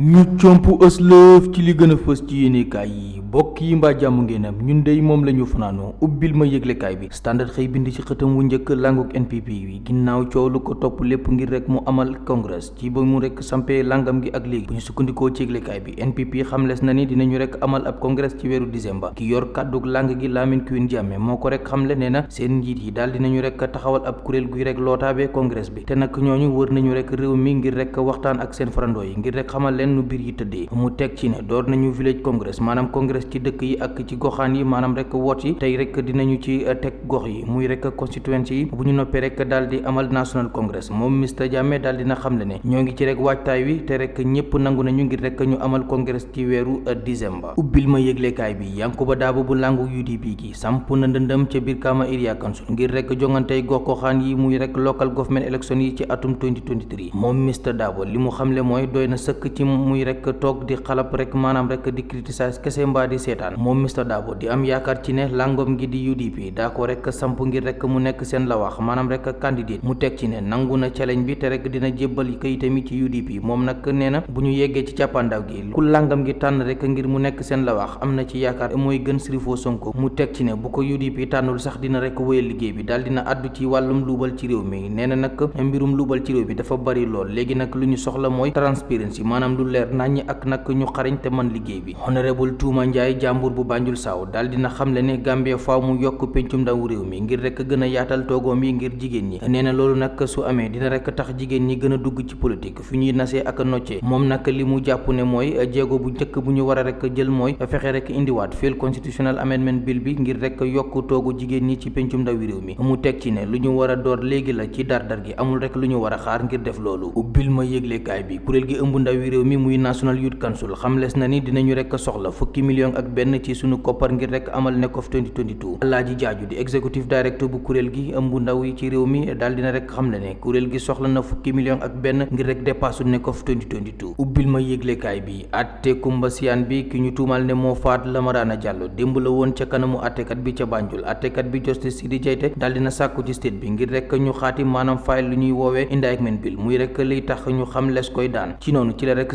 ñu comp ëslëf ci li gën a fës ci yéenekaay yi bokk yi mbaa jàmm ngeenam ñun dey moom la ñu fanaanoo ubbil ma yëglekaay bi standard xëy bind ci xëtam wu njëkk langu NPP bi ginnaaw coow lu ko topp lépp ngir rek mu amal congrès ci ba mu rek sampe langam gi ak léegi bu ñu sukkandikoo ci yëglekaay bi NPP xamles na ni dinañu rek amal ab congrès ci weeru décembre ki yor kàdduk lang gi Lamine Guèye Ndiamé moo ko rek xamle nee na seen njiit yi daal dinañu rek taxawal ab kuréel guy rek lootaabee congrès bi te nag ñooñu wër nañu rek réew mi ngir waxtaan ak seen yi ren nu biir yi tëddee mu teg ci ne door nañu village congress maanaam congress ci dëkk yi ak ci goxaan yi maanaam rek woot yi tey rek dinañu ci eh, teg gox yi muy rek constituency yi bu ñu noppee rek daal di amal national congress moom Mr Jammeh daal dina xamle ne ñoo ngi ci rek waajtaay wi eh, bu langu UDP gi samp na ndëndëm ca biir Area Council ngir rek jongantey gox goxaan yi muy rek local government election yi ci atum moom Mr Daabo li mu xamle mooy doy na sëkk ci muy rek toog di xalab rek maanaam rek di criticiser kese mbaa di seetaan moom Mr Dabo di am yaakaar ci ne langom gi di UDP daa ko rek samp ngir rek mu nekk seen la maanaam rek candidate mu teg ci ne nangu na challenge bi te rek dina jébbal kayitami ci UDP moom nag nee na bu ñu yeggee ci càppandaw gi ku langam gi tànn rek ngir mu nekk seen la wax am na ci yaakaar mooy gën Sirifo Sonko mu teg ci ne bu ko UDP tànnul sax dina rek wéyal liggéey bi daal dina àddu ci wàllum luubal lu leer naññ ak nag ñu xarañ te mën liggéey bi honorable Touma Ndiaye jàmbur bu Banjul Saaw daal dina xamle ne Gambie faaw mu yokk pencum ndaw réew mi ngir rek gën a yaatal toogoom yi ngir jigéen ñi nee na loolu nag su amee dina rek tax jigéen ñi gën a dugg ci politique fi ñuy nasee ak noccee moom nag li mu jàpp ne mooy jéego bu njëkk bu ñu war a rek jël mooy fexe rek indiwaat fil constitutional amendment bill bi ngir rek yokk toogu jigéen ñi ci pencum ndawi réew mi mu teg ne lu ñu war a door léegi la ci gi amul lu ñu war a xaar ngir def mi muy National Youth Council xamles na ni dinañu rek soxla fukki million ak benn ci sunu koppar ngir rek amal nekof 2022 Alaaji Jaaju di executive directeur bu kuréel gi ëmb ndaw yi ci réew mi daal dina rek xam ne ne kuréel gi soxla na fukki million ak benn ngir rek dépassu nekof ubbil ma yëglekaay bi atte Kumba Siyaan bi ki ñu tuumal ne moo faat Lamarana Diallo démb la woon ca kanamu attekat bi ca Banjul attekat bi justice Sidi di daal dina sàkku ci state bi ngir rek ñu xaati maanaam fayil lu ñuy woowee indictment bill muy rek liy tax ñu xam koy daan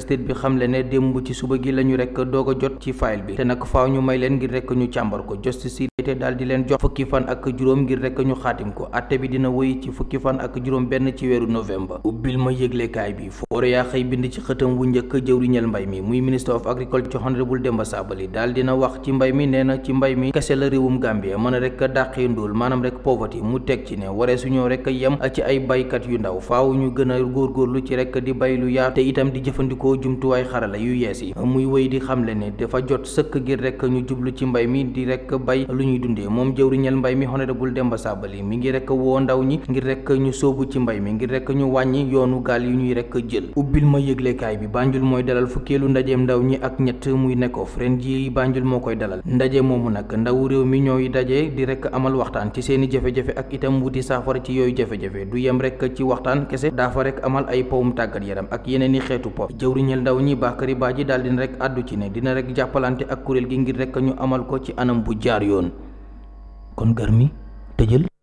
state bi xam le ne démb ci suba gi la ñu rek a jot ci file bi te nag faaw ñu may leen ngir rek ñu càmbar ko justice yi te daal di leen jox fukki fan ak juróom ngir rek ñu xaatim ko atte bi dina wéy ci fukki fan ak juróom benn ci weeru novembre ubbil ma yëglekaay bi foore yaa bind ci xëtam wu njëkk jëwriñal mbay mi muy minister of agriculture honorable Demba Sabali daal dina wax ci mbay mi nee na ci mbay mi kese la réewum Gambie mën a rek dàqee ndóol maanaam rek pauvreté mu teg ci ne waree suñoo rek yem ci ay baykat yu ndaw faaw a jëfandikoo jumtuwaay xarala yu yees yi muy wéy di xamle ne dafa jot sëkk ngir rek ñu jublu ci mbay mi di rek bay lu ñuy dundee moom jëwriñal mbay mi honorable Demba mi ngi rek woo ndaw ñi ngir rek ñu sóobu ci mbay mi ngir rek ñu wàññi yoonu gaal yi ñuy rek jël ubbil ma yëglekaay bi Banjul mooy dalal fukkeelu ndajeem ndaw ñi ak ñett muy nekkof ren ji Banjul moo koy dalal ndaje moomu nag ndawu réew mi ñooy daje di rek amal waxtaan ci seeni jafe-jafe ak itam wuti saafara ci yooyu jafe-jafe du yem rek ci waxtaan ñeel ndaw ñi Bakary Badji daal dina rek àddu ci ne dina rek jàppalante ak kuréel gi ngir rek ñu amal ko ci anam bu jaar yoon kon garmi tëjël